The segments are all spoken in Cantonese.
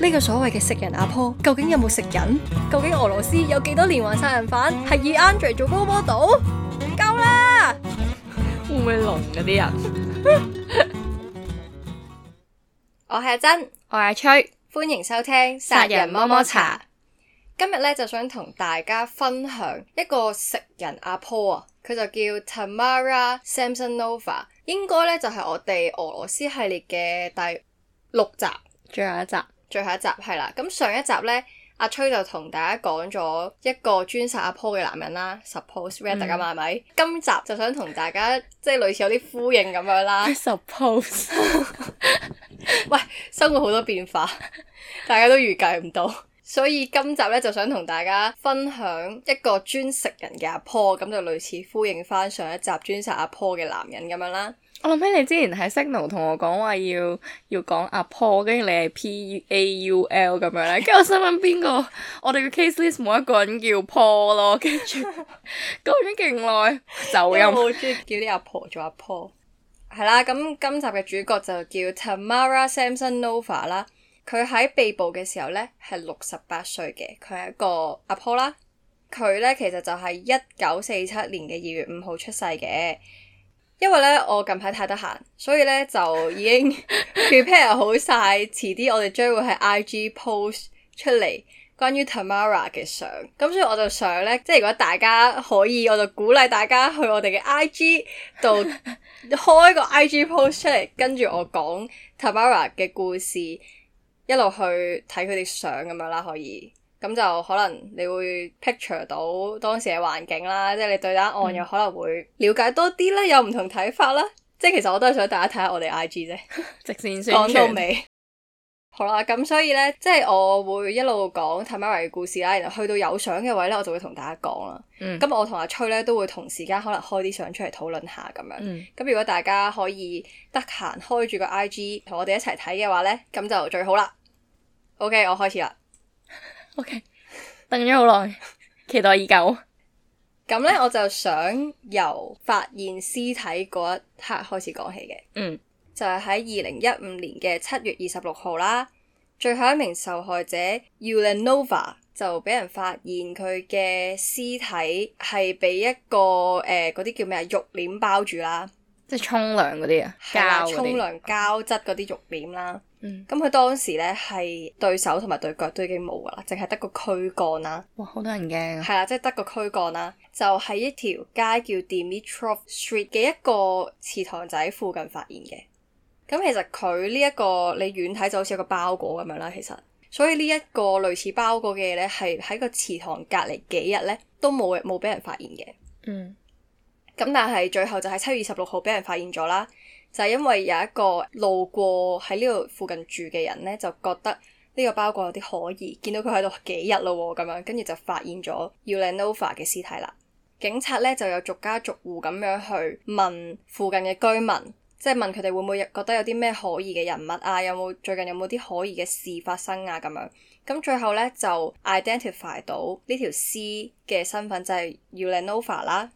呢個所謂嘅食人阿婆究竟有冇食人？究竟俄羅斯有幾多連環殺人犯係以 Andre 做高 model？唔夠啦，會唔會聾嗰啲人？ 我係阿珍，我係阿崔，歡迎收聽殺人摸摸茶。摩摩茶今日呢，就想同大家分享一個食人阿婆啊，佢就叫 Tamara Samsonova，應該呢就係、是、我哋俄羅斯系列嘅第六集。最後一集，最後一集係啦。咁上一集呢，阿崔就同大家講咗一個專殺阿婆嘅男人啦，Suppose Reader 啊係咪？今集就想同大家即係類似有啲呼應咁樣啦。Suppose， 喂，生活好多變化，大家都預計唔到，所以今集呢，就想同大家分享一個專食人嘅阿婆。咁就類似呼應翻上,上一集專殺阿婆嘅男人咁樣啦。我諗起你之前喺 Signal 同我講話要要講阿婆，跟住你係 P A U L 咁樣咧，跟住我想問邊個，我哋嘅 case list 冇一個人叫 p 婆咯，跟住 講咗勁耐就又。我 好中意叫啲阿婆做阿婆。係啦，咁 今集嘅主角就叫 Tamara Samsonova 啦。佢喺被捕嘅時候咧係六十八歲嘅，佢係一個阿 p 婆啦。佢咧其實就係一九四七年嘅二月五號出世嘅。因為咧我近排太得閒，所以咧就已經 prepare 好晒，遲啲 我哋將會喺 IG post 出嚟關於 Tamara 嘅相。咁所以我就想咧，即係如果大家可以，我就鼓勵大家去我哋嘅 IG 度開個 IG post 出嚟，跟住我講 Tamara 嘅故事，一路去睇佢哋相咁樣啦，可以。咁就可能你會 picture 到當時嘅環境啦，即係你對答案又可能會了解多啲啦，嗯、有唔同睇法啦。即係其實我都係想大家睇下我哋 I G 啫，直綫宣傳。講到尾， 好啦，咁所以呢，即係我會一路講 Tamara 嘅故事啦，然後去到有相嘅位呢，我就會同大家講啦。咁、嗯、我同阿崔呢，都會同時間可能開啲相出嚟討論下咁樣。咁、嗯、如果大家可以得閒開住個 I G 同我哋一齊睇嘅話呢，咁就最好啦。OK，我開始啦。OK，等咗好耐，期待已久。咁咧， 我就想由發現屍體嗰一刻開始講起嘅。嗯，就係喺二零一五年嘅七月二十六號啦。最後一名受害者 Ulanova 就俾人發現佢嘅屍體係俾一個誒，嗰啲叫咩啊，肉簾，包住啦，即係沖涼嗰啲啊，膠沖涼膠質嗰啲肉簾啦。咁佢、嗯、當時咧係對手同埋對腳都已經冇噶啦，淨係得個軀幹啦。哇！好多人驚、啊。係啦，即係得個軀幹啦，就喺一條街叫 Dmitrov Street 嘅一個祠堂仔附近發現嘅。咁其實佢呢一個你遠睇就好似一個包裹咁樣啦，其實。所以呢一個類似包裹嘅嘢咧，係喺個祠堂隔離幾日咧都冇冇俾人發現嘅。嗯。咁但係最後就喺七月二十六號俾人發現咗啦。就係因為有一個路過喺呢度附近住嘅人呢，就覺得呢個包裹有啲可疑，見到佢喺度幾日咯喎，咁樣跟住就發現咗要 l y n o v a 嘅屍體啦。警察呢就有逐家逐戶咁樣去問附近嘅居民，即係問佢哋會唔會覺得有啲咩可疑嘅人物啊，有冇最近有冇啲可疑嘅事發生啊，咁樣咁最後呢，就 identify 到呢條屍嘅身份就係、是、要 l y n o v a 啦。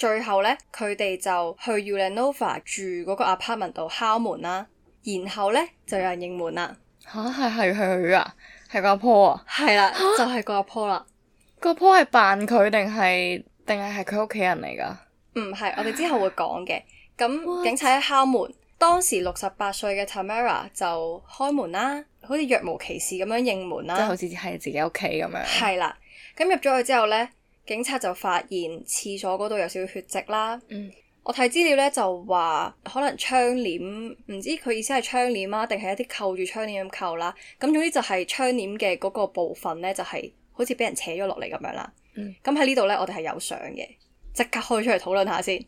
最後咧，佢哋就去 Ulanova 住嗰個 apartment 度敲門啦，然後咧就有人應門啦。吓，係係佢啊，係個阿婆啊。係啦，就係個阿婆啦。了蛤個阿婆係扮佢定係定係係佢屋企人嚟噶？唔係，我哋之後會講嘅。咁 警察一敲門，當時六十八歲嘅 Tamara 就開門啦，好似若無其事咁樣應門樣 啦，即好似係自己屋企咁樣。係啦，咁入咗去之後咧，警察就發現廁所嗰度有少少血跡啦。嗯、我睇資料咧就話可能窗簾，唔知佢意思係窗簾啊，定係一啲扣住窗簾咁扣啦。咁總之就係窗簾嘅嗰個部分咧，就係、是、好似俾人扯咗落嚟咁樣啦。咁喺、嗯、呢度咧，我哋係有相嘅，即刻開出嚟討論下先。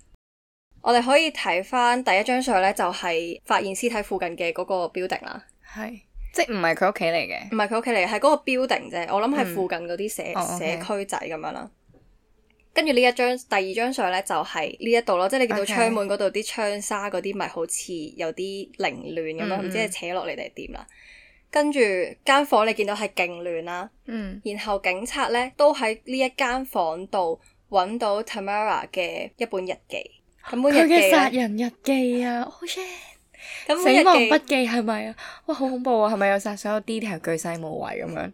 我哋可以睇翻第一張相咧，就係、是、發現屍體附近嘅嗰個 building 啦。係，即係唔係佢屋企嚟嘅？唔係佢屋企嚟嘅，係嗰個 building 啫。我諗係附近嗰啲社、嗯、社區仔咁樣啦。嗯跟住呢一張第二張相咧，就係呢一度咯，即係你見到窗門嗰度啲窗紗嗰啲，咪好似有啲凌亂咁咯，唔知係扯落嚟定係點啦。跟住間房你見到係勁亂啦，嗯，然後警察咧都喺呢一間房度揾到 Tamara 嘅一本日記，佢嘅殺人日記啊！Oh shit！死亡筆記係咪啊？哇，好恐怖啊！係咪有殺所有 detail 巨細無遺咁樣？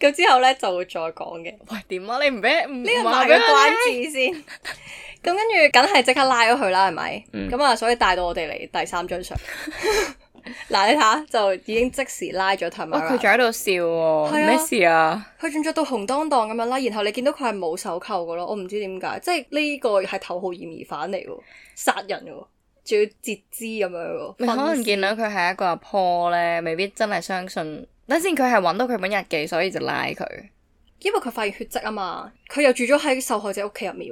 咁之後咧就會再講嘅。喂，點啊？你唔俾唔呢個賣個關子先。咁跟住，梗係即刻拉咗佢啦，係咪，嗯？咁啊，所以帶到我哋嚟，第三張相。嗱， 你睇下，就已經即時拉咗佢啦。佢仲喺度笑喎，啊、咩啊、事啊？佢仲着到紅當當咁樣啦，然後你見到佢係冇手扣噶咯，我唔知點解，即係呢個係頭號嫌疑犯嚟噶，殺人噶，仲要截肢咁樣。你可能見到佢係一個阿婆咧，未必真係相信。等先，佢係揾到佢本日記，所以就拉佢。因為佢發現血迹啊嘛，佢又住咗喺受害者屋企入面，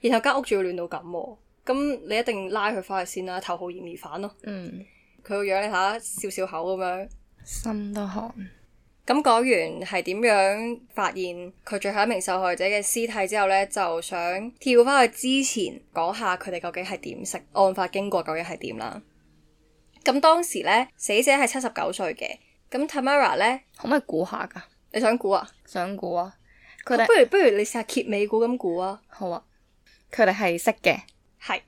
然後間屋仲要亂到咁，咁你一定拉佢翻去先啦，頭號嫌疑犯咯。嗯，佢個樣你睇下，笑笑口咁樣，心都寒。咁講完係點樣發現佢最後一名受害者嘅屍體之後呢，就想跳翻去之前講下佢哋究竟係點食案發經過，究竟係點啦。咁當時呢，死者係七十九歲嘅。咁 Tamara 咧，可唔可以估下噶？你想估啊？想估啊！佢哋不如不如你試下揭尾估咁估啊！好啊！佢哋係識嘅，係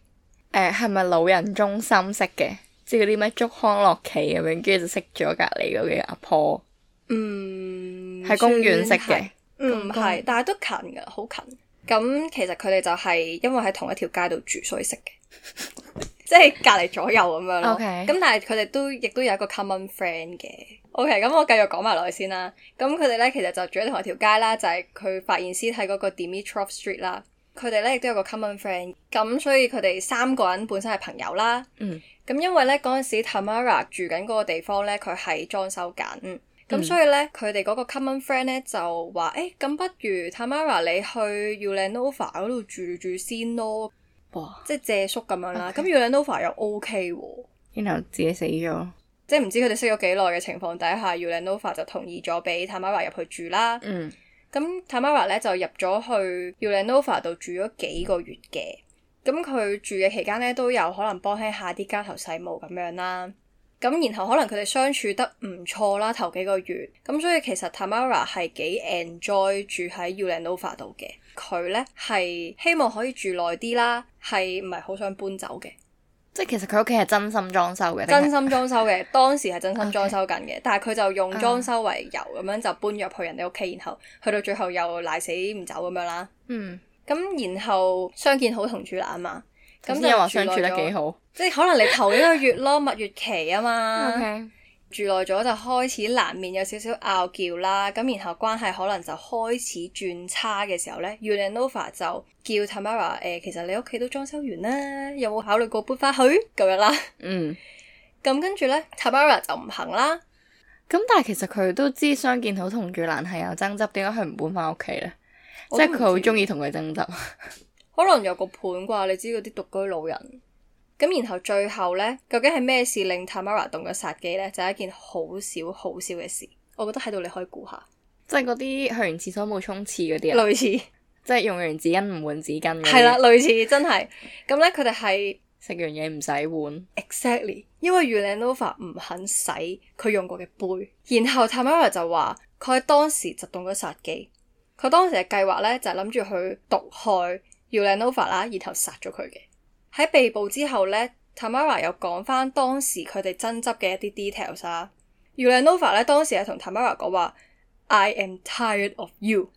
誒係咪老人中心識嘅？即係啲咩捉康樂棋咁樣，跟住就識咗隔籬嗰個阿婆嗯。嗯，喺公園識嘅，唔係，但係都近噶，好近。咁其實佢哋就係因為喺同一條街度住，所以識嘅，即係 隔籬左右咁樣咯。咁 Okay. 但係佢哋都亦都有一個 common friend 嘅。O.K. 咁我繼續講埋落去先啦。咁佢哋咧其實就住喺同一條街啦，就係、是、佢發現屍體嗰個 Dmitrov Street 啦。佢哋咧亦都有個 common friend，咁所以佢哋三個人本身係朋友啦。嗯。咁因為咧嗰陣時 Tamara 住緊嗰個地方咧，佢係裝修緊。咁所以咧佢哋嗰個 common friend 咧就話：誒、欸，咁不如 Tamara 你去 Ulanova 嗰度住住先咯。哇！即係借宿咁樣啦。咁 Okay. Ulanova 又 O.K. 喎。然後 you know, 自己死咗。即係唔知佢哋識咗幾耐嘅情況底下 Ulyana 就同意咗俾 Tamara 入去住啦。咁、嗯、Tamara 咧就入咗去 Ulyana 度住咗幾個月嘅。咁佢住嘅期間咧都有可能幫輕下啲家頭細務咁樣啦。咁然後可能佢哋相處得唔錯啦，頭幾個月。咁所以其實 Tamara 係幾 enjoy 住喺 Ulyana 度嘅。佢咧係希望可以住耐啲啦，係唔係好想搬走嘅。即係其實佢屋企係真心裝修嘅，真心裝修嘅，當時係真心裝修緊嘅，Okay. 但係佢就用裝修為由咁、uh、樣就搬入去人哋屋企，然後去到最後又賴死唔走咁樣啦。嗯，咁然後相見好同住難啊嘛。咁即係話相處得幾好？ 即係可能你頭一個月咯，蜜 月期啊嘛。Okay. 住耐咗就開始難免有少少拗撬啦，咁然後關係可能就開始轉差嘅時候呢 Ulanova 就叫 Tamara 誒、呃，其實你屋企都裝修完啦，有冇考慮過搬翻去咁樣啦？嗯，咁跟住呢 Tamara 就唔肯啦。咁但係其實佢都知相見好同住難係有爭執，點解佢唔搬翻屋企呢？即係佢好中意同佢爭執，可能有個伴啩？你知嗰啲獨居老人。咁然後最後呢，究竟係咩事令 Tamara 動咗殺機呢？就係、是、一件好小好小嘅事，我覺得喺度你可以估下，即係嗰啲去完廁所冇沖廁嗰啲人，類似，即係 是用完紙巾唔換紙巾，係啦，類似真係。咁呢，佢哋係食完嘢唔洗碗，exactly，因為 Ulanova 唔肯洗佢用過嘅杯，然後 Tamara 就話佢喺當時就動咗殺機，佢當時嘅計劃呢，就係諗住去毒害 Ulanova 啦，然後殺咗佢嘅。喺被捕之後咧，Tamara 又講翻當時佢哋爭執嘅一啲 details 啦。Ulanova 咧當時係同 Tamara 講話，I am tired of you。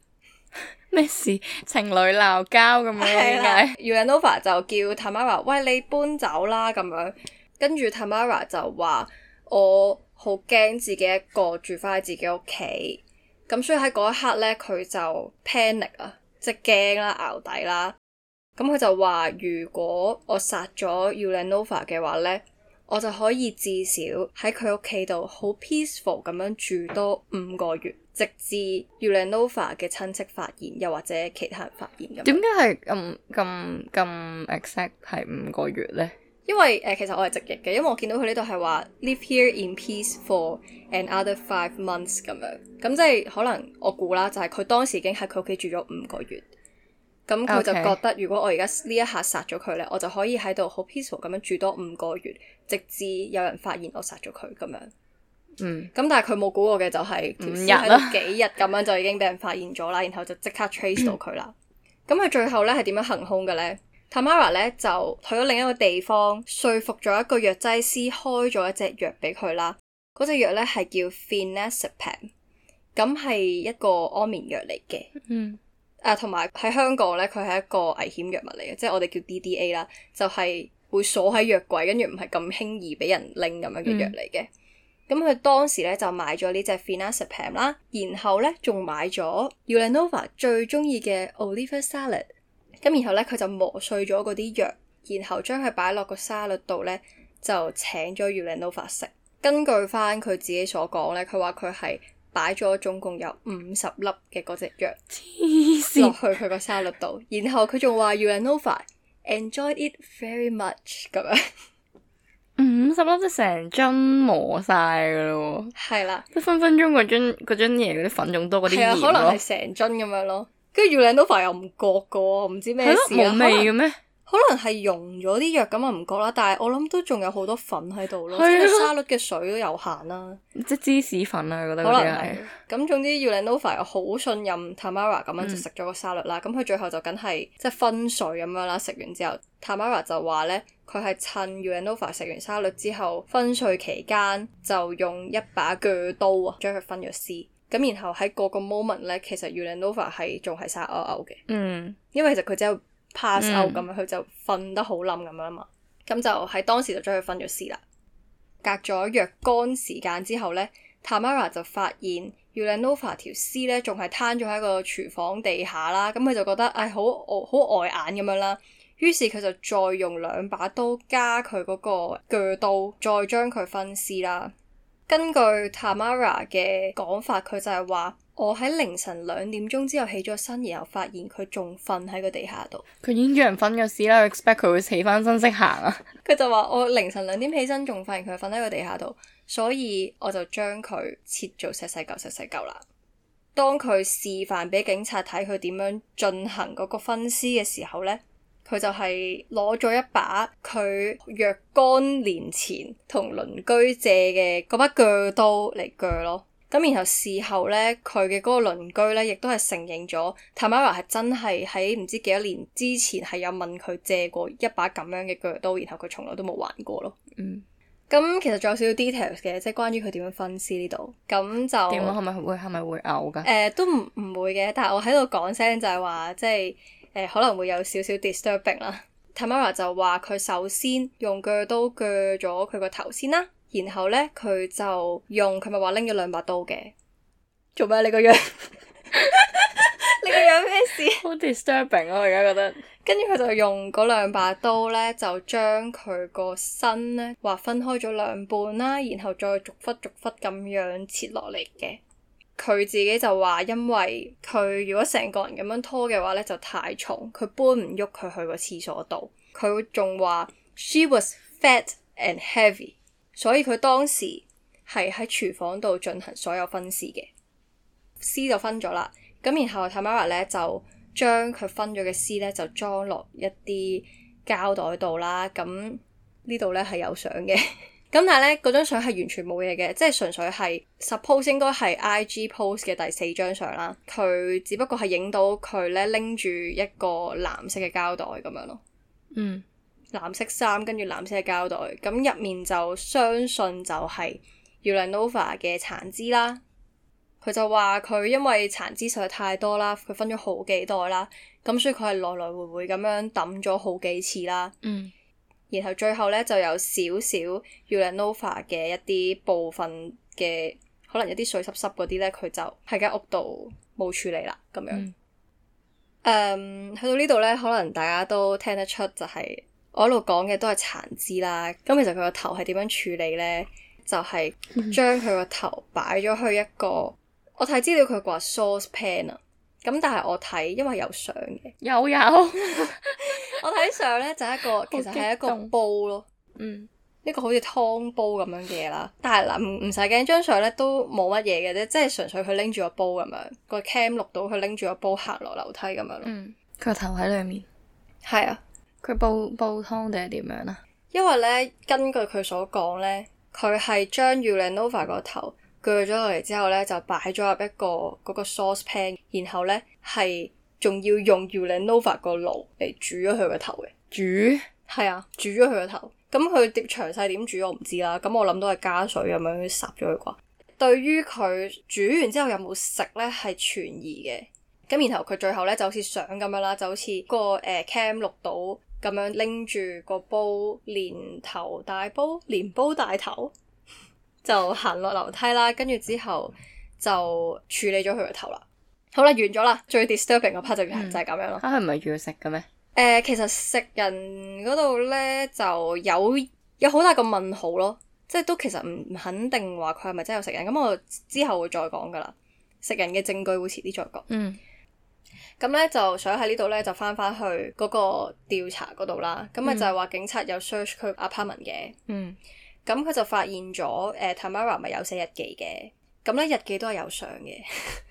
咩事？情侶鬧交咁樣點解？Ulanova 就叫 Tamara，喂，你搬走啦咁樣。跟住 Tamara 就話我好驚自己一個住翻喺自己屋企。咁所以喺嗰一刻咧，佢就 panic 啊，即係驚啦、淆底啦。咁佢、嗯、就話：如果我殺咗 Ulanova 嘅話咧，我就可以至少喺佢屋企度好 peaceful 咁樣住多五個月，直至 Ulanova 嘅親戚發現，又或者其他人發現。點解係咁咁咁 exact 係五個月咧？因為誒、呃，其實我係直譯嘅，因為我見到佢呢度係話 live here in peace for another five months 咁樣，咁、嗯、即係可能我估啦，就係、是、佢當時已經喺佢屋企住咗五個月。咁佢就覺得，如果我而家呢一下殺咗佢咧，Okay. 我就可以喺度好 peaceful 咁樣住多五個月，直至有人發現我殺咗佢咁樣。嗯。咁但係佢冇估過嘅就係，幾日咁樣就已經俾人發現咗啦， 然後就即刻 trace 到佢啦。咁佢 最後咧係點樣行兇嘅咧？Tamara 咧就去咗另一個地方，說服咗一個藥劑師開咗一隻藥俾佢啦。嗰、那、隻、個、藥咧係叫 f i n e s s e p a n 咁係一個安眠藥嚟嘅。嗯。Mm. 誒同埋喺香港咧，佢係一個危險藥物嚟嘅，即係我哋叫 DDA 啦，就係會鎖喺藥櫃，跟住唔係咁輕易俾人拎咁樣嘅藥嚟嘅、嗯。咁佢、啊、當時咧就買咗呢隻 Phenazepam 啦，然後咧仲買咗 Ulanova 最中意嘅 Oliver Salad、啊。咁、啊、然後咧佢就磨碎咗嗰啲藥，然後將佢擺落個沙律度咧，就請咗 Ulanova 食。根據返佢自己所講咧，佢話佢係。擺咗總共有五十粒嘅嗰隻藥黐線落去佢個沙律度，然後佢仲話 Ulyanova enjoyed it very much 咁樣。五十粒即成樽磨晒噶咯，係啦了，即分分鐘嗰樽嗰樽嘢嗰啲粉仲多過嗰啲鹽啊，可能係成樽咁樣咯，跟住 Ulyanova 又唔覺個，唔知咩事冇味嘅咩？可能係溶咗啲藥咁啊，唔覺啦。但係我諗都仲有好多粉喺度咯，即係沙律嘅水都有限啦。即芝士粉啊，我覺得應該係。咁 總之 Ulanova 好信任 Tamara 咁樣就食咗個沙律啦。咁佢，嗯，最後就梗係即係昏睡咁樣啦。食完之後，Tamara，嗯，就話呢，佢係趁 Ulanova 食完沙律之後昏睡期間，就用一把鋸刀啊，將佢分咗屍。咁然後喺嗰個 moment 呢，其實 Ulanova 係仲係沙屙嘔嘅。嗯，因為其實佢真。Pass out 咁樣、嗯，佢就瞓得好冧咁樣嘛，咁就喺當時就將佢分咗屍啦。隔咗若干時間之後呢，Tamara 就發現 Ulanova 條屍咧仲係攤咗喺個廚房地下啦，咁佢就覺得唉、哎、好惡好礙眼咁樣啦，於是佢就再用兩把刀加佢嗰個鋸刀，再將佢分屍啦。根據 Tamara 嘅講法，佢就係話。我喺凌晨兩點鐘之後起咗身，然後發現佢仲瞓喺個地下度。佢已經劏咗人分咗屍啦，expect 佢會起翻身識行啊！佢就話我凌晨兩點起身，仲發現佢瞓喺個地下度，所以我就將佢切做細細嚿細細嚿啦。當佢示範俾警察睇佢點樣進行嗰個分屍嘅時候呢佢就係攞咗一把佢若干年前同鄰居借嘅嗰把鋸刀嚟鋸咯。咁然後事後咧，佢嘅嗰個鄰居咧，亦都係承認咗 Tamara 係真係喺唔知幾多年之前係有問佢借過一把咁樣嘅鋸刀，然後佢從來都冇還過咯。嗯，咁其實仲有少少 details 嘅，即係關於佢點樣分屍呢度。咁就點樣係咪會係咪會嘔㗎？誒、呃，都唔唔會嘅，但係我喺度講聲就係話，即係誒、呃、可能會有少少 disturbing 啦。 Tamara 就話佢首先用鋸刀鋸咗佢個頭先啦。然後呢，佢就用佢咪話拎咗兩把刀嘅，做咩？你個樣， 你個樣咩事？好 disturbing 咯，我而家覺得啊。跟住佢就用嗰兩把刀呢，就將佢個身呢，劃分開咗兩半啦，然後再逐忽逐忽咁樣切落嚟嘅。佢自己就話，因為佢如果成個人咁樣拖嘅話呢，就太重，佢搬唔喐佢去個廁所度。佢仲話：She was fat and heavy。所以佢當時係喺廚房度進行所有分屍嘅，屍就分咗啦，咁然後 Tamara 咧就將佢分咗嘅屍咧就裝落一啲膠袋度啦。咁呢度咧係有相嘅，咁但係咧嗰張相係完全冇嘢嘅，即係純粹係 suppose 應該係 IG post 嘅第四張相啦。佢只不過係影到佢咧拎住一個藍色嘅膠袋咁樣咯。嗯。藍色衫，跟住藍色嘅膠袋，咁入面就相信就係 Ulyanova 嘅殘肢啦。佢就話佢因為殘肢實在太多啦，佢分咗好幾袋啦，咁所以佢係來來回回咁樣抌咗好幾次啦。嗯，然後最後咧就有少少 Ulyanova 嘅一啲部分嘅可能一啲水濕濕嗰啲咧，佢就喺間屋度冇處理啦，咁樣。嗯。誒，去到呢度咧，可能大家都聽得出就係、是。我一路講嘅都係殘肢啦，咁其實佢個頭係點樣處理呢？就係將佢個頭擺咗去一個，我睇資料佢話 sauce pan 啊，咁但係我睇因為有相嘅，有有， 我睇相呢，就係一個 其實係一個煲咯，嗯，呢個好似湯煲咁樣嘅嘢啦，但係嗱，唔使驚，張相呢都冇乜嘢嘅啫，即係純粹佢拎住個煲咁樣，個 cam 錄到佢拎住個煲行落樓梯咁樣咯，佢個頭喺裏面，係啊。佢煲煲湯定係點樣咧？因為咧，根據佢所講咧，佢係將 Ulyanova 個頭鋸咗落嚟之後咧，就擺咗入一個嗰、嗰個 sauce pan，然後咧係仲要用 Ulyanova 個爐嚟煮咗佢個頭嘅。煮係啊，煮咗佢個頭。咁佢點詳細點煮我唔知啦。咁我諗都係加水咁樣烚咗佢啩。對於佢煮完之後有冇食咧，係存疑嘅。咁然後佢最後咧就好似相咁樣啦，就好似、嗰個誒 cam 錄到。咁樣拎住個煲連頭，大煲連煲大頭， 就行落樓梯啦。跟住之後就處理咗佢個頭啦。好啦，完咗啦。最 disturbing 個 part 就就係咁樣咯。啊，佢唔係要食嘅咩？誒，其實食人嗰度咧就有有好大個問號咯。即係都其實唔肯定話佢係咪真係有食人。咁我之後會再講噶啦。食人嘅證據會遲啲再講。嗯。咁咧就想喺呢度咧就翻翻去嗰個調查嗰度啦，咁咪就係話警察有 search 佢 apartment 嘅，咁佢、嗯、就發現咗誒、呃、Tamara 咪有寫日記嘅，咁咧日記都係有相嘅，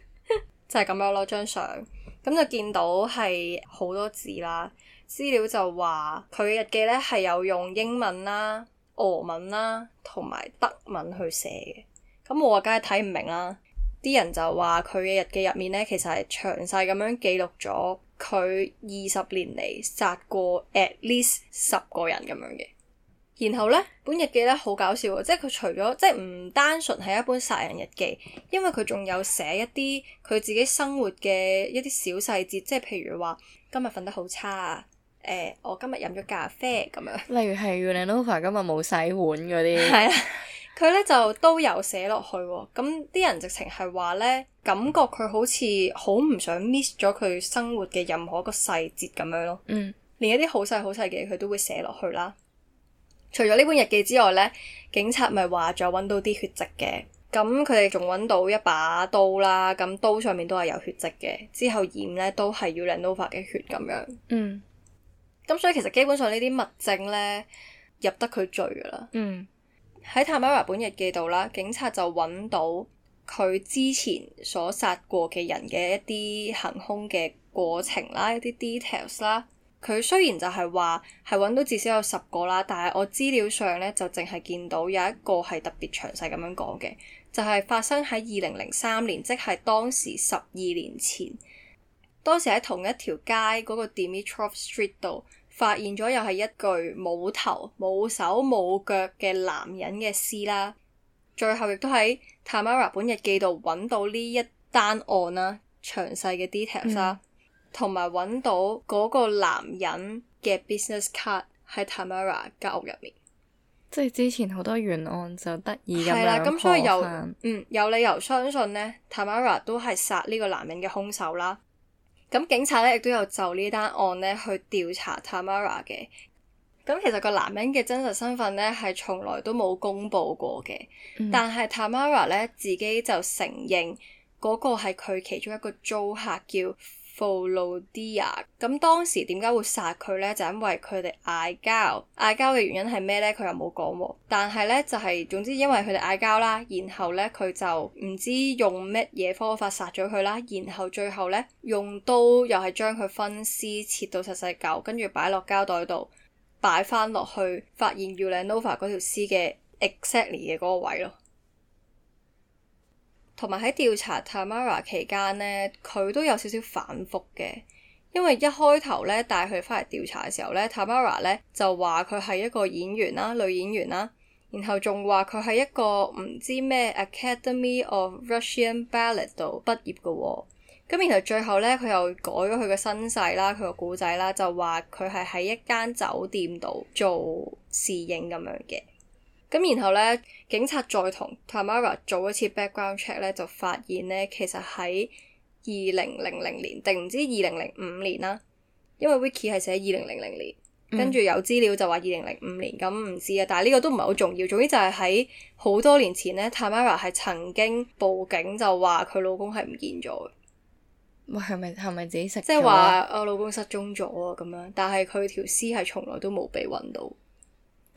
就係咁樣攞張相，咁就見到係好多字啦，資料就話佢嘅日記咧係有用英文啦、俄文啦同埋德文去寫嘅，咁我啊梗係睇唔明啦。啲人就話佢嘅日記入面呢，其實係詳細咁樣記錄咗佢二十年嚟殺過 at least 十個人咁樣嘅。然後呢，本日記呢，好搞笑喎，即係佢除咗即係唔單純係一本殺人日記，因為佢仲有寫一啲佢自己生活嘅一啲小細節，即係譬如話今日瞓得好差啊，呃，我今日飲咗咖啡咁樣。例如係 Vanessa 今日冇洗碗嗰啲。係啊。佢咧就都有寫落去喎、哦，咁啲人直情係話咧，感覺佢好似好唔想 miss 咗佢生活嘅任何一個細節咁樣咯。嗯，連一啲好細好細嘅嘢佢都會寫落去啦。除咗呢本日記之外咧，警察咪話咗揾到啲血跡嘅，咁佢哋仲揾到一把刀啦，咁刀上面都係有血跡嘅。之後驗咧，都係 Ulanova 嘅血咁樣。嗯，咁所以其實基本上呢啲物證咧入得佢罪噶啦。嗯。喺 Tamara 本日記度啦，警察就揾到佢之前所殺過嘅人嘅一啲行凶嘅過程啦，一啲 details 啦。佢雖然就係話係揾到至少有十個啦，但係我資料上咧就淨係見到有一個係特別詳細咁樣講嘅，就係發生喺二零零三年，即係當時十二年前，當時喺同一條街嗰個 Dimitrov Street 度。發現咗又係一具冇頭冇手冇腳嘅男人嘅屍啦，最後亦都喺 Tamara 本日記度揾到呢一單案啦、啊，詳細嘅 details 啦，同埋揾到嗰個男人嘅 business card 喺 Tamara 間屋入面，即係之前好多懸案就得意嘅。咁樣破案，嗯，有理由相信呢 Tamara 都係殺呢個男人嘅兇手啦。咁警察咧，亦都有就呢單案咧，去調查 Tamara 嘅。咁其實個男人嘅真實身份咧，係從來都冇公佈過嘅。嗯，但係 Tamara 咧，自己就承認嗰個係佢其中一個租客叫。f o 啲呀，咁當時點解會殺佢呢？就因為佢哋嗌交，嗌交嘅原因係咩呢？佢又冇講喎。但係呢，就係總之因為佢哋嗌交啦，然後呢，佢就唔知用乜嘢方法殺咗佢啦。然後最後呢，用刀又係將佢分屍切到細細嚿，跟住擺落膠袋度擺翻落去，發現 Ulanova 嗰條屍嘅 exactly 嘅嗰個位咯。同埋喺調查 Tamara 期間咧，佢都有少少反覆嘅，因為一開頭咧帶佢翻嚟調查嘅時候咧，Tamara 咧就話佢係一個演員啦，女演員啦，然後仲話佢係一個唔知咩 Academy of Russian Ballet 度畢業嘅喎，哦，咁然後最後咧佢又改咗佢嘅身世啦，佢個故仔啦，就話佢係喺一間酒店度做侍應咁樣嘅。咁然後咧，警察再同 Tamara 做一次 background check 咧，就發現咧，其實喺二零零零年定唔知二零零五年啦，因為 Wiki 係寫二零零零年，跟住有資料就話二零零五年，咁唔知啊。但係呢個都唔係好重要。總之就係喺好多年前咧，Tamara 係曾經報警就話佢老公係唔見咗嘅。喂，係咪係咪自己食？即係話我老公失蹤咗啊。咁樣，但係佢條屍係從來都冇被揾到。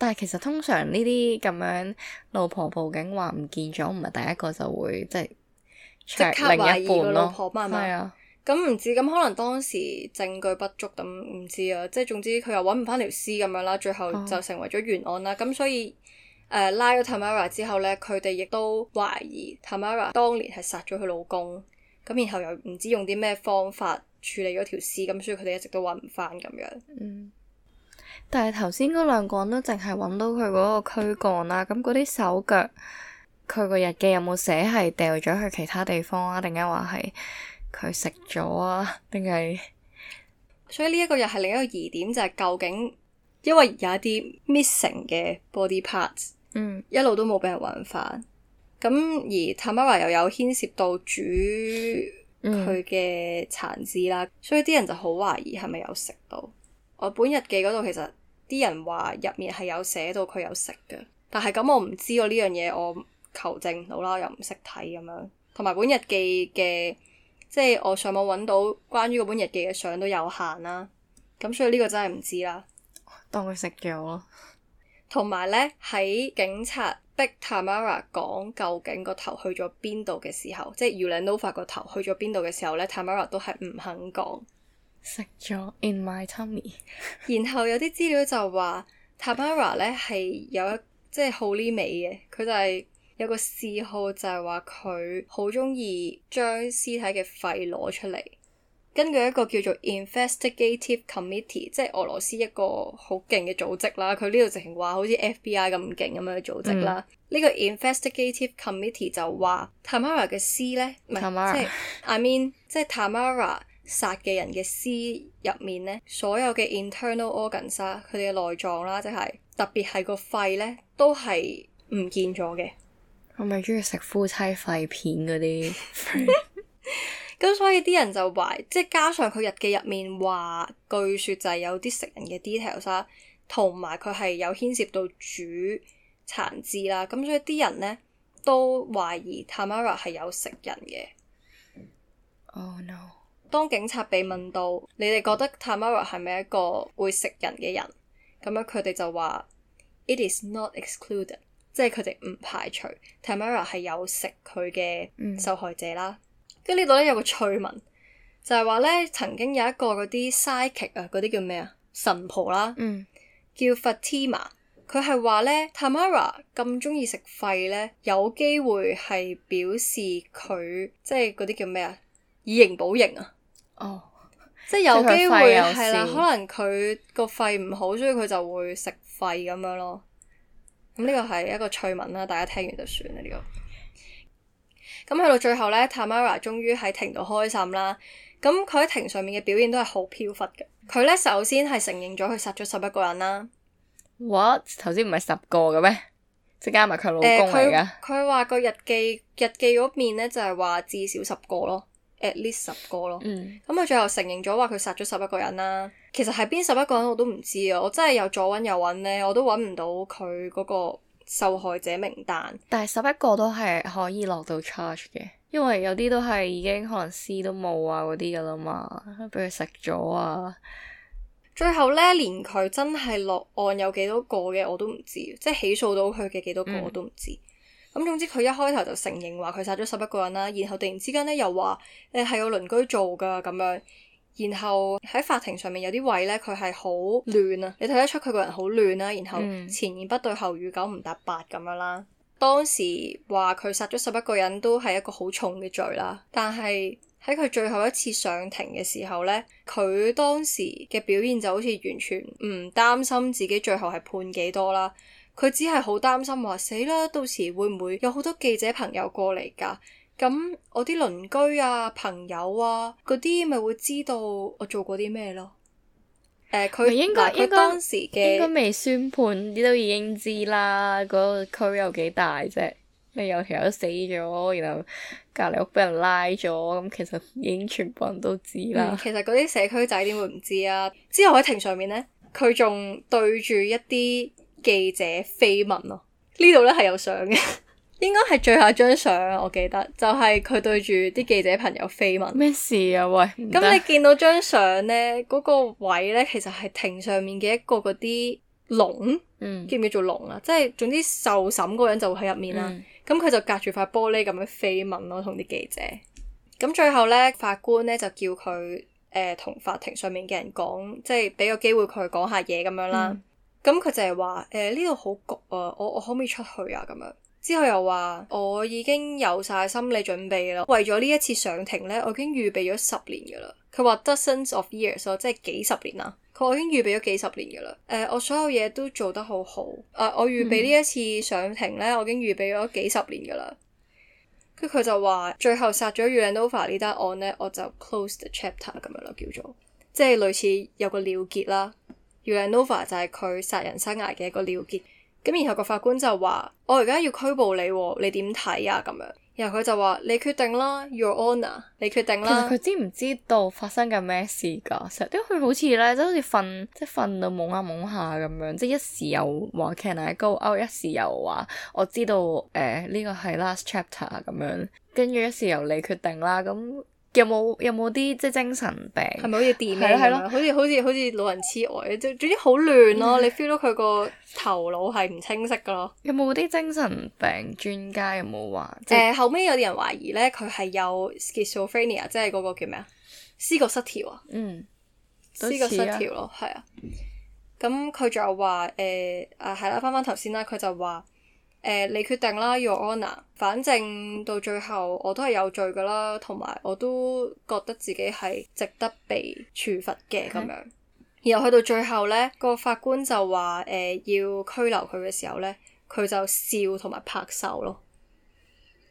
但係其實通常呢啲咁樣老婆報警話唔見咗，唔係第一個就會即刻係誒懷疑另一半咯。咁唔知咁可能當時證據不足，咁唔知啊。即係總之佢又揾唔翻條屍咁樣啦，最後就成為咗原案啦。咁、哦、所以誒拉、呃、咗 Tamara 之後咧，佢哋亦都懷疑 Tamara 當年係殺咗佢老公。咁然後又唔知用啲咩方法處理咗條屍，咁所以佢哋一直都揾唔翻咁樣。嗯。但係頭先嗰兩個人都淨係揾到佢嗰個軀幹啦，咁嗰啲手腳，佢個日記有冇寫係掉咗去其他地方啊？定係話係佢食咗啊？定係？所以呢一個又係另一個疑點，就係、是、究竟因為有一啲 missing 嘅 body parts，嗯，一路都冇俾人揾翻。咁而 Tamara 又有牽涉到煮佢嘅殘肢啦，嗯、所以啲人就好懷疑係咪有食到。我本日記嗰度其實啲人話入面係有寫到佢有食嘅，但係咁我唔知喎呢樣嘢，我，我求證唔到啦，我又唔識睇咁樣，同埋本日記嘅即係我上網揾到關於嗰本日記嘅相都有限啦，咁所以呢個真係唔知啦。當佢食藥咯。同埋呢，喺警察逼 Tamara 講究竟個頭去咗邊度嘅時候，即係 Ulanova 個頭去咗邊度嘅時候呢 Tamara 都係唔肯講。食咗 in my tummy， 然後有啲資料就話 Tamara 咧係有一即係好呢味嘅，佢就係有個嗜好就係話佢好中意將屍體嘅肺攞出嚟。根據一個叫做 Investigative Committee，即係俄羅斯一個好勁嘅組織啦，佢呢度直情話好似 FBI 咁勁咁樣嘅組織啦。呢、嗯、個 Investigative Committee 就話、嗯、是 Tamara 嘅屍咧，唔係即係 I mean 即係 Tamara。殺嘅人嘅屍入面呢，所有嘅 internal organs 佢哋嘅內臟啦，即係特別係個肺呢，都係唔見咗嘅。我咪中意食夫妻肺片嗰啲。咁所以啲人就懷，即係加上佢日記入面話，據說就係有啲食人嘅 detail 沙，同埋佢係有牽涉到主殘肢啦。咁所以啲人呢，都懷疑 Tamara 係有食人嘅。Oh, no! 當警察被問到你哋覺得 Tamara 係咪一個會食人嘅人咁樣，佢哋就話 It is not excluded，即係佢哋唔排除 Tamara 係有食佢嘅受害者啦。跟住、嗯、呢度咧有個趣聞，就係話咧曾經有一個嗰啲 psychic 啊，嗰啲叫咩啊神婆啦，嗯、叫 Fatima，佢係話咧 Tamara 咁中意食肺咧，有機會係表示佢即係嗰啲叫咩啊以形補形啊。哦，即係有機會係啦，可能佢個肺唔好，所以佢就會食肺咁樣咯。咁呢個係一個趣聞啦，大家聽完就算啦呢個。咁去到最後咧，Tamara 終於喺庭度開審啦。咁佢喺庭上面嘅表現都係好飄忽嘅。佢咧首先係承認咗佢殺咗十一個人啦。What？頭先唔係十個嘅咩？即加埋佢老公嚟嘅。佢話、呃、個日記日記嗰面咧就係、是、話至少十個咯。At least 十個咯，咁佢、嗯、最後承認咗話佢殺咗十一個人啦。其實係邊十一個人我都唔知啊，我真係又左揾右揾呢，我都揾唔到佢嗰個受害者名單。但係十一個都係可以落到 charge 嘅，因為有啲都係已經可能屍都冇啊嗰啲㗎喇嘛，俾佢食咗啊。最後呢，連佢真係落案有幾多個嘅我都唔知，即係起訴到佢嘅幾多個我都唔知。嗯咁總之佢一開頭就承認話佢殺咗十一個人啦，然後突然之間咧又話誒係我鄰居做噶咁樣，然後喺法庭上面有啲位咧佢係好亂啊，嗯、你睇得出佢個人好亂啦，然後前言不對後語九唔搭八咁樣啦。當時話佢殺咗十一個人都係一個好重嘅罪啦，但係喺佢最後一次上庭嘅時候咧，佢當時嘅表現就好似完全唔擔心自己最後係判幾多啦。佢只係好擔心話死啦，到時會唔會有好多記者朋友過嚟噶？咁我啲鄰居啊、朋友啊，嗰啲咪會知道我做過啲咩咯？誒、呃，佢應該佢、啊、當時嘅應該未宣判，你都已經知啦。嗰、嗰個區又幾大啫，你有條友死咗，然後隔籬屋俾人拉咗，咁其實已經全部人都知啦、嗯。其實嗰啲社區仔點會唔知啊？之後喺庭上面咧，佢仲對住一啲。記者飛問咯，呢度咧係有相嘅，應該係最後張相我記得，就係、是、佢對住啲記者朋友飛問咩事啊？喂，咁你見到張相咧，嗰、那個位咧其實係庭上面嘅一個嗰啲籠，嗯，叫唔叫做籠啊？即係總之受審嗰人就會喺入面啦，咁佢、嗯、就隔住塊玻璃咁樣飛問咯，同啲記者。咁最後咧，法官咧就叫佢誒同法庭上面嘅人講，即係俾個機會佢講下嘢咁樣啦。嗯咁佢就係話，誒，呢度好焗啊，我我可唔可以出去啊？咁樣之後又話，我已經有晒心理準備咯。為咗呢一次上庭呢，我已經預備咗十年噶啦。佢話 dozens of years，哦，即係幾十年啦。佢話我已經預備咗幾十年噶啦。誒、呃，我所有嘢都做得好好。誒、啊，我預備呢一次上庭呢，我已經預備咗幾十年噶啦。跟住佢、嗯、就話，最後殺咗 Ulanova 呢單案呢，我就 close the chapter 咁樣咯，叫做即係類似有個了結啦。Your Honor 就係佢殺人生涯嘅一個了結，咁然後個法官就話我而家要拘捕你，你點睇啊咁樣，然後佢就話你決定啦，Your Honor，你決定啦。其實佢知唔知道發生緊咩事噶？啊？成日都佢好似咧，即係好似瞓，即係瞓到懵下懵下咁樣，即係一時又話 Can I go out？一時又話我知道誒呢、呃呢個係 last chapter 咁樣，跟住一時由你決定啦咁。有冇有冇啲即係精神病？係咪好似癲咁啊？好似好似好似老人痴呆啊！總之好亂咯，嗯、你 feel 到佢個頭腦係唔清晰噶咯？有冇啲精神病專家有冇話？誒、呃，後尾有啲人懷疑咧，佢係有 schizophrenia，即係嗰個叫咩、嗯呃、啊？思覺失調啊？嗯，思覺失調咯，係啊。咁佢仲有話誒啊係啦，翻翻頭先啦，佢就話。誒、呃，你決定啦，Your Honor。反正到最後我都係有罪㗎啦，同埋我都覺得自己係值得被處罰嘅咁樣。然後去到最後呢個法官就話誒、呃、要拘留佢嘅時候呢，佢就笑同埋拍手咯。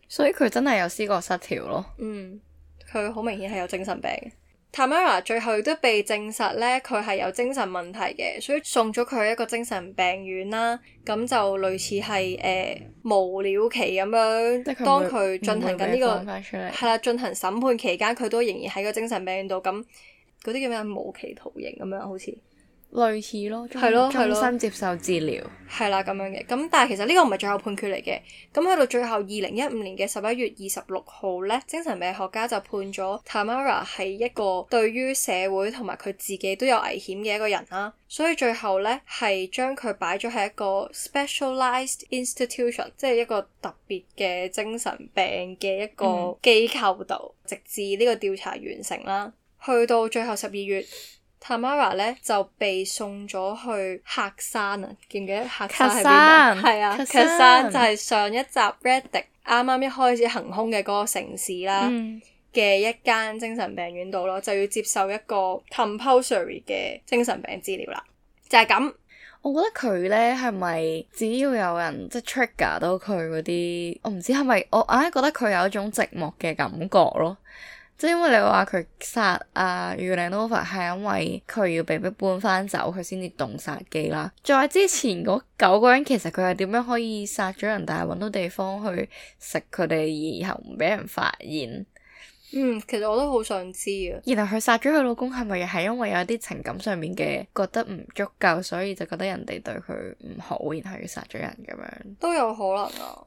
所以佢真係有思覺失調咯。嗯，佢好明顯係有精神病嘅。Tamara 最後亦都被證實咧，佢係有精神問題嘅，所以送咗佢去一個精神病院啦。咁就類似係誒、呃、無了期咁樣，當佢進行緊呢、這個係啦，進行審判期間，佢都仍然喺個精神病院度，咁嗰啲叫咩無期徒刑咁樣好似。類似咯，終身接受治療係啦咁樣嘅。咁但係其實呢個唔係最後判決嚟嘅。咁去到最後，二零一五年嘅十一月二十六號呢，精神病學家就判咗 Tamara 係一個對於社會同埋佢自己都有危險嘅一個人啦。所以最後呢，係將佢擺咗喺一個 specialized institution，即係一個特別嘅精神病嘅一個機構度，嗯、直至呢個調查完成啦。去到最後十二月。Tamara 咧就被送咗去喀山啊，記唔記得喀山係邊度？係啊，喀山就係上一集 Reddick 啱啱一開始行兇嘅嗰個城市啦，嘅一間精神病院度咯，嗯、就要接受一個 compulsory 嘅精神病治療啦，就係咁。我覺得佢咧係咪只要有人即係 trigger 到佢嗰啲，我唔知係咪，我硬係覺得佢有一種寂寞嘅感覺咯。即係因為你話佢殺啊 Ulanova 係因為佢要被迫搬返走，佢先至動殺機啦。再之前嗰九個人，其實佢係點樣可以殺咗人，但係揾到地方去食佢哋，以後唔俾人發現。嗯，其實我都好想知啊。然後佢殺咗佢老公，係咪又係因為有啲情感上面嘅覺得唔足夠，所以就覺得人哋對佢唔好，然後要殺咗人咁樣？都有可能啊。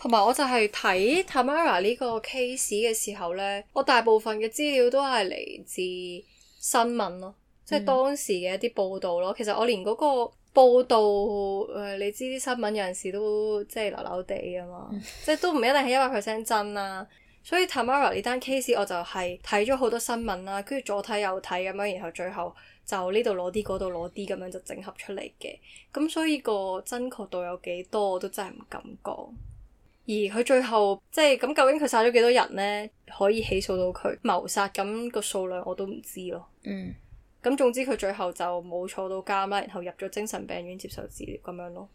同埋我就係睇 Tamara 呢個 case 嘅時候呢，我大部分嘅資料都係嚟自新聞咯，即係當時嘅一啲報道咯。其實我連嗰個報道誒、哎，你知啲新聞有陣時都即係流流地啊嘛， 即係都唔一定係一百 percent 真啦、啊。所以 Tamara 呢單 case 我就係睇咗好多新聞啦、啊，跟住左睇右睇咁樣，然後最後就呢度攞啲，嗰度攞啲咁樣就整合出嚟嘅。咁所以個真確度有幾多，我都真係唔敢講。而佢最後即係咁，究竟佢殺咗幾多人咧？可以起訴到佢謀殺咁個數量我都唔知咯。嗯，咁總之佢最後就冇坐到監啦，然後入咗精神病院接受治療咁樣咯。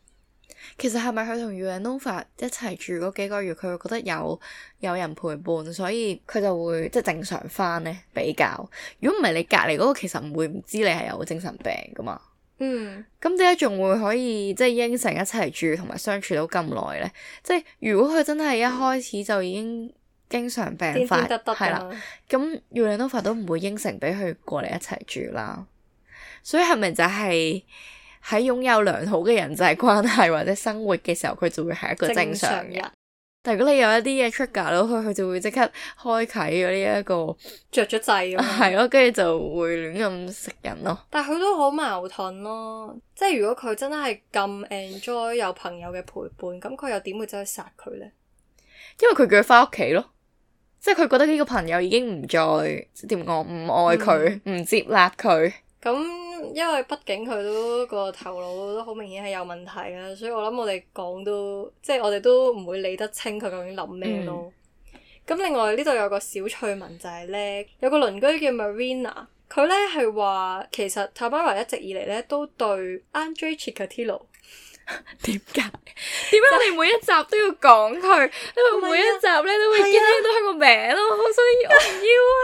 其實係咪佢同余 r a n o v a 一齊住嗰幾個月，佢會覺得有有人陪伴，所以佢就會即係正常翻咧？比較如果唔係你隔籬嗰個，其實唔會唔知你係有精神病噶嘛。嗯，咁點解仲會可以即係、就是、應承一齊住同埋相處到咁耐咧？即、就、係、是、如果佢真係一開始就已經經常病發係、嗯嗯嗯嗯嗯、啦，咁 Ulyana 都唔會應承俾佢過嚟一齊住啦。所以係咪就係喺擁有良好嘅人際關係或者生活嘅時候，佢就會係一個正常人？但如果你有一啲嘢 trigger 咗，佢佢就會即刻開啟咗呢一個着咗掣，係咯，跟住就會亂咁食人咯。但係佢都好矛盾咯，即係如果佢真係咁 enjoy 有朋友嘅陪伴，咁佢又點會走去殺佢呢？因為佢叫佢翻屋企咯，即係佢覺得呢個朋友已經唔再點講唔愛佢，唔、嗯、接納佢咁。嗯因為畢竟佢都個頭腦都好明顯係有問題啦，所以我諗我哋講都，即係我哋都唔會理得清佢究竟諗咩咯。咁、嗯、另外呢度有個小趣聞就係、是、呢，有個鄰居叫 Marina，佢呢係話其實 Tamara 一直以嚟呢都對 Andre Chikatilo 點解？點解我哋每一集都要講佢？因為每一集呢都會見到佢、oh、my 個名咯，所以、啊、我唔要啊！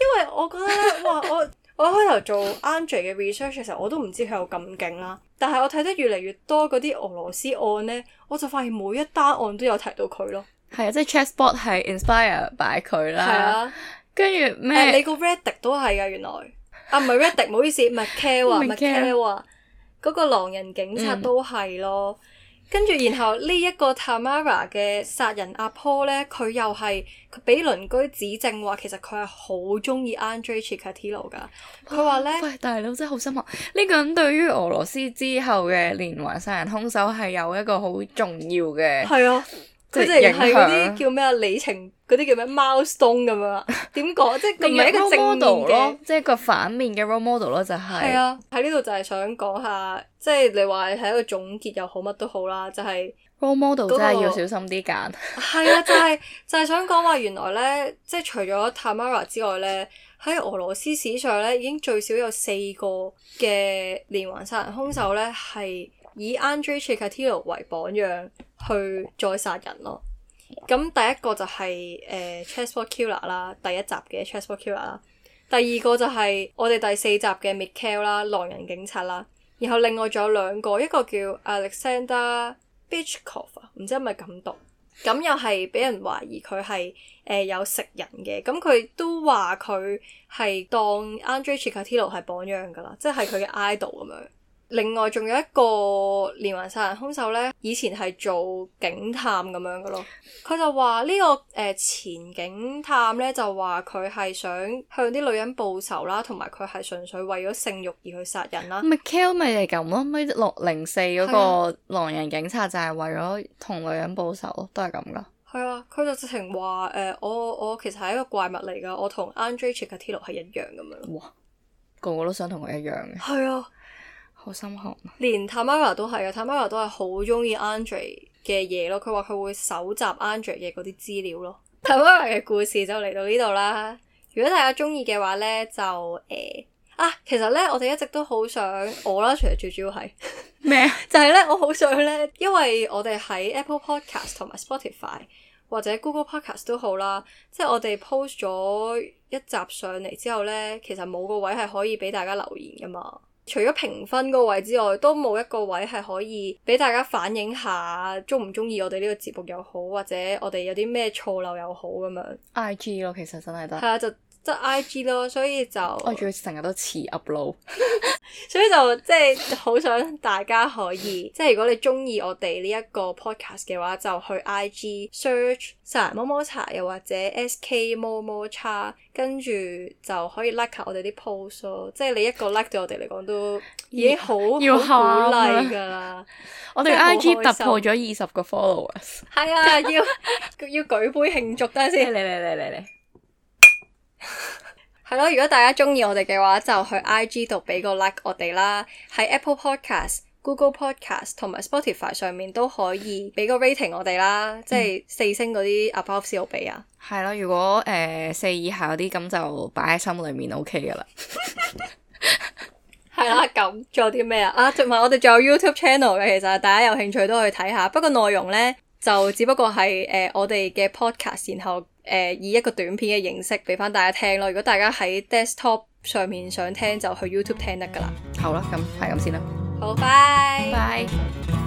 因為我覺得哇我。我一開頭做 Andre 嘅 research 嘅時候，我都唔知佢有咁勁啦。但係我睇得越嚟越多嗰啲俄羅斯案咧，我就發現每一單案都有提到佢咯。係啊，即係 Chessboard 係 inspired by 佢啦。係啊，跟住咩？你個 Ready 都係噶、啊、原來。啊，唔係 Ready，唔好意思， 唔係 Care，唔係 Care。嗰、嗰個狼人警察都係咯。嗯跟住，然後呢一、這個 Tamara 嘅殺人阿婆咧，佢又係俾鄰居指證話，其實佢係好中意 Andrei Chikatilo 噶。佢話咧，喂，大佬真係好失望。呢、這個人對於俄羅斯之後嘅連環殺人兇手係有一個好重要嘅，係啊，即係影響。叫咩啊？里程。嗰啲叫咩？貓冬咁樣，點講？ 即係唔係一個正面嘅， 即係個反面嘅 role model 咯、就係啊，就係。係啊，喺呢度就係想講下，即係你話係一個總結又好，好，乜都好啦，就係 role model 真係要小心啲揀。係啊，就係、係、就係、係、想講話，原來咧，即、就、係、係、除咗 Tamara 之外咧，喺俄羅斯史上咧已經最少有四個嘅連環殺人兇手咧，係以 Andrei Chikatilo 為榜樣去再殺人咯。咁第一個就係誒《Chessboard Killer》啦，第一集嘅《Chessboard Killer》啦。第二個就係我哋第四集嘅 Mikhail 啦，狼人警察啦。然後另外仲有兩個，一個叫 Alexander Bichkov，唔知係咪咁讀，咁又係俾人懷疑佢係誒有食人嘅。咁佢都話佢係當 Andre Chikatilo 係榜樣噶啦，即係佢嘅 idol 咁樣。另外仲有一個連環殺人兇手呢，以前係做警探咁樣嘅咯。佢就話呢、呢個誒、呃、前警探呢，就話佢係想向啲女人報仇啦，同埋佢係純粹為咗性慾而去殺人啦。Michael 咪係咁咯，咪六零四嗰個狼人警察就係為咗同女人報仇，都係咁噶。係啊，佢、啊、就直情話誒，我我其實係一個怪物嚟噶，我同 Andre Chikatilo 係一樣咁樣。哇！個個都想同佢一樣嘅。係啊。好心寒，深連 Tamara 都係啊。t a m a r a 都係好中意 Andrew 嘅嘢咯。佢話佢會搜集 Andrew 嘅嗰啲資料咯。 Tamara 嘅故事就嚟到呢度啦。如果大家中意嘅話呢，就誒、欸、啊，其實呢，我哋一直都好想我啦，其實最主要係咩啊？麼 就係呢，我好想呢，因為我哋喺 Apple Podcast 同埋 Spotify 或者 Google Podcast 都好啦，即係我哋 post 咗一集上嚟之後呢，其實冇個位係可以俾大家留言噶嘛。除咗評分個位之外，都冇一個位係可以畀大家反映下鍾唔鍾意我哋呢個節目又好，或者我哋有啲咩錯漏又好咁樣。IG 咯，其實真係得。係啊，就。即係 I G 咯，IG，所以就我仲要成日都遲 upload， 所以就即係好想大家可以，即、就、係、是、如果你中意我哋呢一個 podcast 嘅話，就去 I G search 茶摸摸茶，又或者 S K 摸摸叉，跟住就可以 like 我哋啲 post。咯。即係你一個 like 對我哋嚟講都已經好要好 l、啊、鼓勵噶啦。我哋 I G 突破咗二十個 followers，係 啊，要要，要舉杯慶祝先，嚟嚟嚟嚟嚟。係咯， 如果大家中意我哋嘅話，就去 IG 度俾個 like 我哋啦。喺 Apple Podcast、Google Podcast 同埋 Spotify 上面都可以俾個 rating 我哋啦，即係四星嗰啲 above o 四毫俾啊。係咯，如果誒、呃、四以下嗰啲，咁就擺喺心裏面 OK 噶 啦。係啦，咁仲有啲咩啊？啊，同埋我哋仲有 YouTube Channel 嘅，其實大家有興趣都可以睇下。不過內容呢，就只不過係誒、呃、我哋嘅 podcast，然後，誒以一個短片嘅形式俾翻大家聽咯，如果大家喺 desktop 上面想聽就去 YouTube 聽得㗎啦。好啦，咁係咁先啦。好，拜拜。Bye.